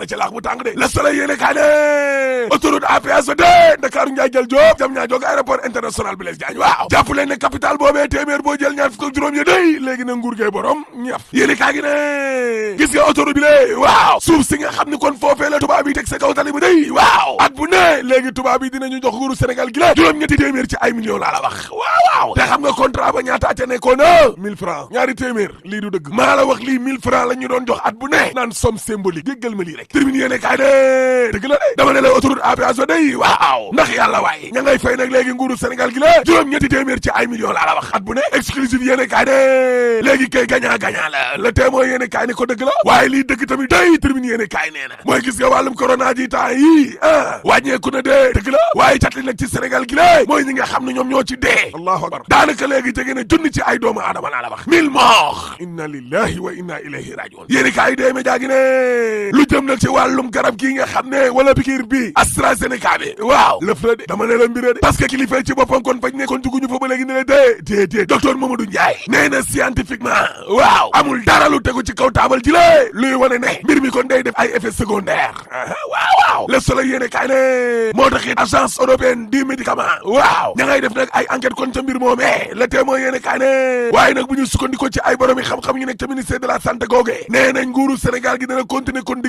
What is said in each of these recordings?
na ci laax bu tàng de la Soleil yéene kaa ne autoroute à péage ba de Ndakaaru njaay jël joob jam ñaa joog aéroport international bi lees waaw jàpp leen ne capital boobee téeméer boo jël ñaar fukk juróom ya day léegi na nguur gee borom ñaf yéene ne gis nga autoroute bi le waaw suuf si nga xam ni kon foofee la yi teg sa kaw day waaw at bu ne léegi tubaab yi dinañu jox nguuru Sénégal gi la juróom-ñetti téeméer ci ay millions laa la wax waaw waaw te xam nga contrat ba ñaata lii du dëgg maa la wax la ñu doon jox at bu ne naan somme symbolique déggal ma lii rek rek termine yéene kaay de dëgg la de dama ne la autoroute à péage ba waaw ndax yàlla waay ña ngay fay nag léegi nguuru Sénégal gi la juróom ñetti téeméer ci ay millions la la wax at bu ne exclusive yéene kaay kay gagnant gagnant la le témoin yéene kaay ko dëgg la waaye lii dëgg tamit day termine yéene kaay nee na mooy gis nga wàllum ji temps yi ah wàññeeku na dee dëgg la waaye catli nag ci Sénégal gi la mooy ñi nga xam ne ñoom ñoo ci dee allahu akbar daanaka léegi jege na junni ci ay doomu aadama laa la wax mille morts inna lillahi wa inna ilayhi rajiun yéene kaay dee lool ci wàllum garab gi nga xam ne wala pikiir bi AstraZeneca bi waaw lëf la de dama ne la mbira parce que kilifa ci boppam kon fañ ne kon dugguñu fa ba léegi ne la dee dee dee docteur Mamadou Ndiaye scientifiquement waaw amul dara lu tegu ci kaw taabal ji lée luy wane ne mbir mi kon day def ay effets secondaires waaw waaw Le Soleil yéene kaay moo tax it agence européenne du médicament waaw ña ngay def nag ay enquête kon ca mbir moomee Le Témoin yéene kaay ne waaye nag ci ay borom yi xam-xam ñu ne ca ministère de la santé googe nee nañ nguuru Sénégal di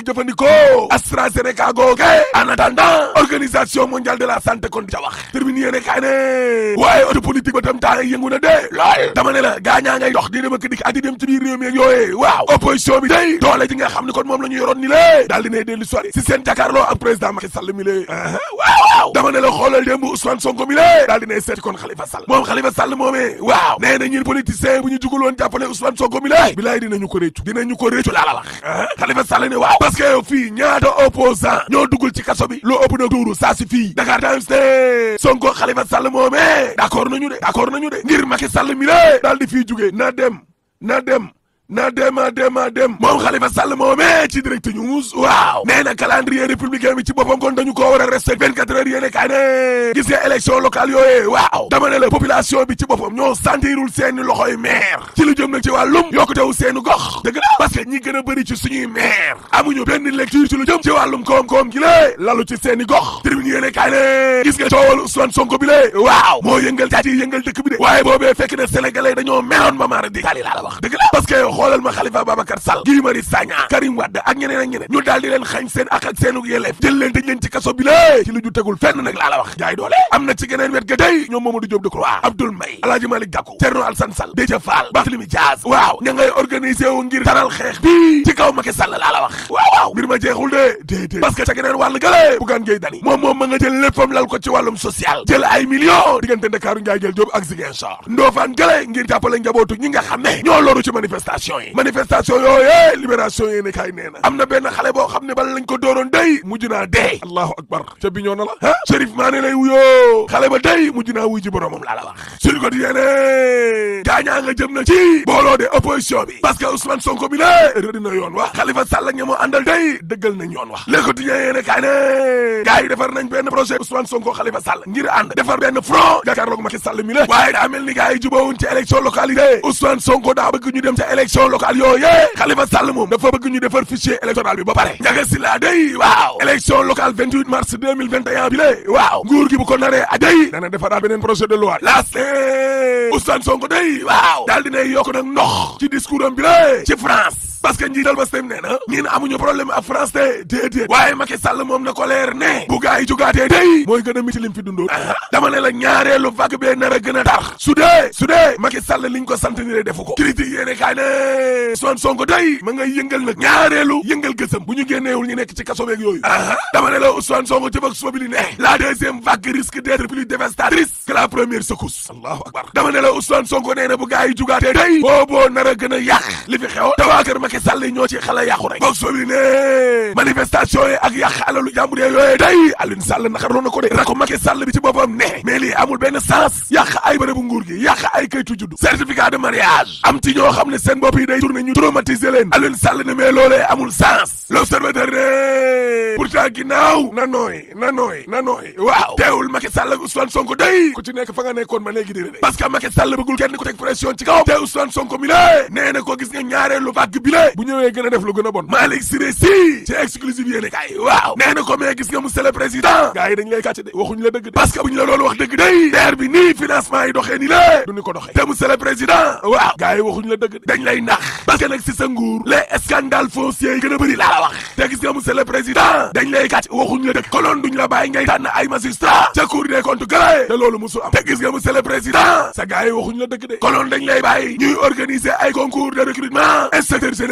jëfandikoo ko AstraZeneca googe en attendant organisation mondiale de la santé kon ca wax termine yéene kaay waaye auto politique ba tam taa yëngu na dee lool dama ngay dox di dem dikk adi dem ci biir réew mi ak waaw opposition bi day doole ji nga xam kon moom la ñu yoroon ni lée daal di ne dellu soirée si seen jàkkaarloo ak président Macky Sall mi lée waaw waaw waaw nee na ñun politicien bu ñu juguloon jàppale Ousmane Sonko mi lée bilaay dinañu ko réccu dinañu ko réccu fii ñaata opposant ñoo duggul ci kaso bi lu ëpp na tuuru saa si fii Dakar Times ne Sonko Khalifa Sall moomee d'accord nañu de d'accord nañu de ngir Macky Sall mi la daal di fii jugee na dem na dem na dema dema dem moom Khalifa Sall moomee ci direct news waaw nee na calendrier républicain bi ci boppam kon dañu koo war a respecté 24 heures yéene kaay ne gis nga élection locale yooyee waaw dama ne la population bi ci boppam ñoo sentirul seeni loxoy maire ci lu jëm nag ci wàllum yokkutewu seeni gox dëgg la parce que ñi gën a bëri ci suñuy maire amuñu benn lecture ci lu jëm ci wàllum koom-koom gi lée lalu ci seeni gox tribune yéene kaay ne gis nga coowal Ousmane Sonko bi lée waaw xoolal ma Khalifa Babacar Sall Guy Marius Sagna Karim Wade ak ñeneen ak ñeneen ñu daal leen xañ seen ak ak seenu yelleef jël leen tëj leen ci kaso bi ci lu ju fenn nag laa la wax jaay doole am na ci geneen wet ga day ñoom Mamadou Diop Decroix Abdoul Mbaye Alaaji Malick Gakou Thierno Alassane Sall Déthié Fall Barthélémy Dias waaw ña ngay organisé wu ngir taral xeex bi ci kaw Macky Sall laa la wax waaw waaw mbir ma jeexul de déedéet parce que ca ci wàllum manifestation yi manifestation yooyee libération yée ne am na benn xale boo xam ne bala lañ ko dooroon day mujj naa dee allahu akbar ca bi ñoo na la ah Chérif Mané lay wuyoo xale ba day mujj naa wuy ji boroomam laa la wax sur côté yéene gaañaa nga jëm na ci booloo de bi parce que Ousmane Sonko bi la rëdd na yoon wax Khalifa Sall ak ña moo àndal day dëggal nañ yoon le quotidien yéene kaay ne gars yi defar nañ benn projet Ousmane Sonko Khalifa Sall ngir ànd defar benn front jàkkaarloog Macky la waaye daa mel ni gars yi jubóowuñ ci élection localité Ousmane Sonko élection locale yooyee Khalifa Sall moom dafa bëgg ñu defar fichier électoral bi ba pare njaga si laa day waaw élection locale 28 mars 2021 bi lée waaw nguur gi bu ko naree a day dana defaraat beneen projet de loi laas eh, Ousmane Sonko day waaw daal dinay yokk nag ndox ci discours am ci France parce que njiital Pastef nee na amuñu problème ak France te déedéet waaye Macky Sall moom na ko leer ne jugaatee day mooy gën a miti lim fi dundoo ah. dama ne la ñaareelu vague bee nar a gën a tar su dee su dee liñ ko sant ni defu ko critique yéene kaay ne Ousmane Sonko day ma ngay yëngal nag ñaareelu yëngal gësëm bu ñu génneewul ñu nekk ci kaso beeg yooyu ah. Ah. dama ne la Ousmane Sonko jëf ak suba bi la deuxième vague risque a gën a yàq li fi xew Macky Sall ñoo ci xala yàqu rek bog sobi ne manifestation yi ak yàq alalu jàmbur yooyu day Alioune Sall naqarloo na ko de rako Macky Sall bi ci boppam ne mais amul benn sens yàq ay bërëbu nguur gi yàq ay kayitu juddu certificat de mariage am ci ñoo xam ne seen bopp day tourné ñu traumatiser leen Alioune Sall ne mais loolee amul sens l'observateur ne pourtant na nooy na nooy na nooy waaw teewul Macky ma léegi déré de parce que kenn ku teg pression ci kaw te Ousmane Sonko mi de bu ñëwee gën a def lu gën a bon Malick Siré si ci exclusive yéene kaay waaw nee na ko mais gis nga monsieur le président gars dañ lay kàcce de waxuñ la dëgg dañ lay nax parce que si sa nguur les scandales fonciers yi gën a bëri la wax te gis nga monsieur le président dañ lay kàcce waxuñ la dëgg konoon duñ la bàyyi ngay tànn ay magistrat ca cour des comptes gële te loolu musul am te gis nga monsieur le président sa gars yi la dëgg de konoon dañ lay bàyyi ñuy organiser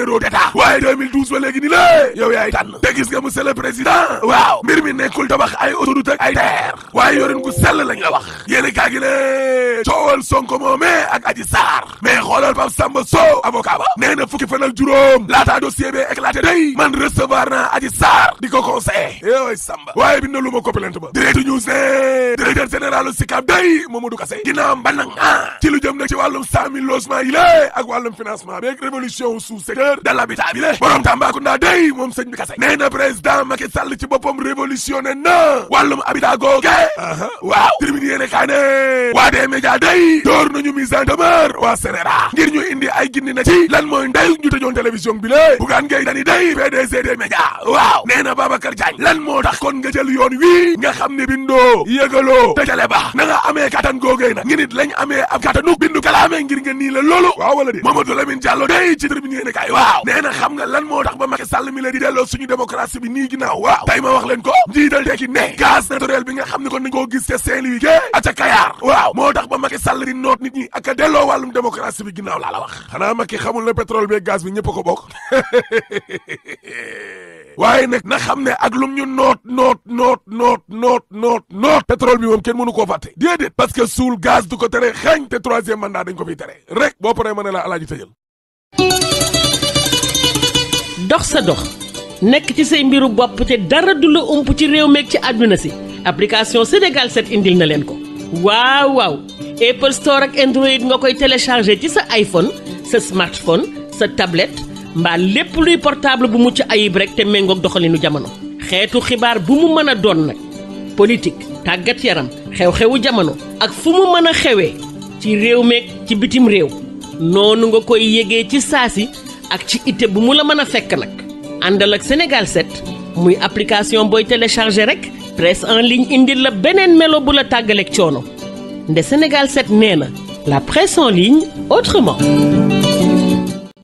généraux d'état waaye 2012 ba léegi ni la yow yaay tànn te gis nga monsieur le président waaw mbir mi nekkul tabax ay autoroute ak ay terre waaye yorin gu sell lañ la wax yéene kaa gi coowal Sonko moome ak Adji Sarr mais xoolal Pape Samba Sow avocat ba fukki fan juróom laataa dossier bi éclaté day man recevoir naa Adji Sarr di ko conseillé yooyu Samba waaye bind lu ma ko plainte ba direct news ne directeur général SICAP day Mamadou Kassé ginnaaw mbanang ah ci lu a nag ci wàllum 100 000 logements yi lée ak valeur de l'habitat bi le borom Tambacounda day moom sëñ bi kase nee na président Macky Sall ci boppam révolutionné na wàllum habitat googe waaw tribune yéene kaa ne waa des médias day door nañu mise en demeure waa sénéra ngir ñu indi ay gindi na ci lan mooy ndey ñu tëjoon télévision bi le bugaan ngay dani day PDG des médias waaw nee na Babacar Diagne lan moo tax kon nga jël yoon wii nga xam ne bindoo yëgaloo dajale ba na amee kattan googee nag ngi nit lañ amee waaw nee na xam nga lan moo tax ba Macky Sall mi la di delloo suñu démocratie bi nii ginnaaw waaw tey ma wax leen ko njiital tekki ne gaz naturel bi nga xam ne kon ni koo gis ca Saint-Louis ge aca Kayar waaw moo tax ba Macky Sall di noot nit ñi ak a delloo wàllum démocratie bi ginnaaw laa la xanaa Macky xamul ne pétrole bi gaz a ko waaye nag na xam ne ak lum ñu noot noot noot noot noot noot noot pétrole bi moom kenn mënu ko fàtte déedéet parce que suul gaz du ko tere xañ te troisième mandat dañ ko fiy tere rek boo paree ma ne la dox sa dox nekk ci say mbiru bopp te dara du la ump ci réew meek ci àdduna si application Sénégal set indil na leen ko waaw waaw Apple Store ak Android nga koy téléchargé ci sa iPhone sa smartphone sa tablette mbaa lépp luy portable bu mucc ayib rek te méngoog doxalinu jamono xeetu xibaar bu mu mën a doon nag politique tàggat yaram xew-xewu jamono ak fu mu mën a xewee ci réew meeg ci bitim réew noonu nga koy yégee ci saa si ak ci ité bu mu la mën a fekk nag àndal ak Sénégal 7 muy application booy téléchargé rek presse en ligne indil la beneen melo bu la tàggaleek coono nde Sénégal 7 nee na la presse en ligne autrement.